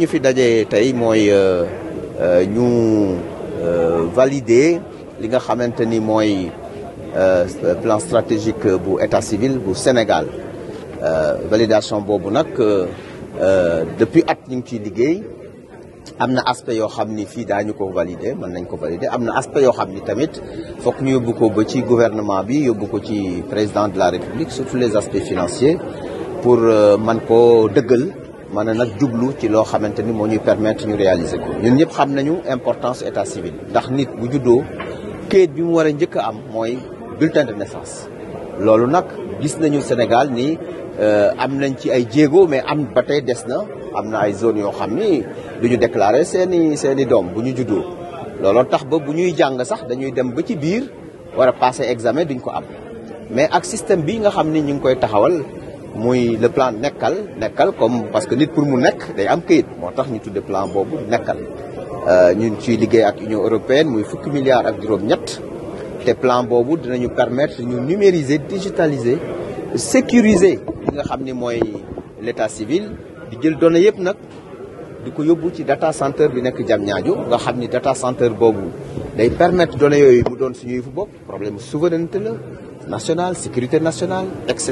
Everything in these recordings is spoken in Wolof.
ñu fi daje tey mooy euh, euh, ñu euh, valider li nga xamante ni mooy plan stratégique bu état civil bu Sénégal validation boobu nag depuis at ñu ci liggéey amna aspect yo xamni fi dañu ko valider mën nañ ko valider am aspect yo xamni tamit fokk ñu yobbu ko ba ci gouvernement bi yobbu ko ci président de la République surtout les aspects financiers pour man ko dëggal mën nak djublu jublu ci lo xamanteni mo ñuy permettre ñu réaliser ko ñun ñep xam nañu importance état civil ndax nit bu juddoo keet bi mu wara a am moy bulletin de naissance lolu nak gis nañu Sénégal ni euh, am nañ ci ay djégo mais am batay dess des na am na ay zone yo xam ni du déclarer seen i seen doom bu ñu juddoo looloo tax ba bu ñuy sax dañuy dem ba ci biir wara passer examen duñ ko am mais ak système bi nga xam ni ñu koy taxawal moy le plan nekkal nekkal comme parce que nit pour mu nek day am këyit motax ñu tuddé plan bobu nekkal euh, ñun ci liggéey ak Union européenne moy fukki milliards ak juroom ñett té plan bobu dinañu permettre ñu numériser digitaliser sécuriser li nga xamni moy l'état civil di jël données yépp nak di ko ci data center bi nekk Diamniadio nga xamni data center bobu day permettre données yooyu mu doon suñu fu bopp problème souveraineté la nationale sécurité nationale etc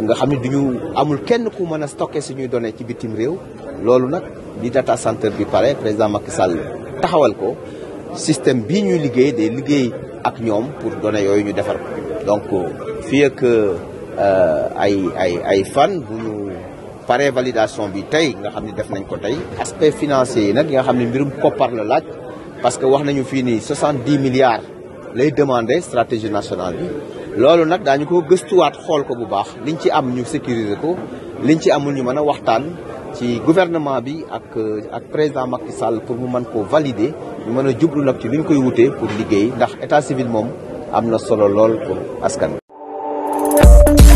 nga xam ne du amul kenn ku mën a stocké suñuy données ci bitim réew loolu nag di data center bi pare président Macky Sall taxawal ko système bii ñuy liggéey day liggéey ak ñoom pour données yooyu ñu defar ko donc euh, fii ak euh, ay ay ay fan bu ñu paree validation bi tey nga xam ni def nañ ko tey aspect financier yi nag nga xam ne mbirum koppar la laaj parce que wax nañu fii nii soixante-dix milliards lay demander stratégie nationale bi loolu nak daañu ko gëstuwaat xol ko bu baax liñ ci am ñu sécuriser ko liñ ci amul ñu mëna a waxtaan ci gouvernement bi ak euh, ak président Macky Sall pour mu mën ko valider ñu mën jublu nak ci liñ koy wuté pour liggéey ndax état civil mom amna solo lol pour askan wi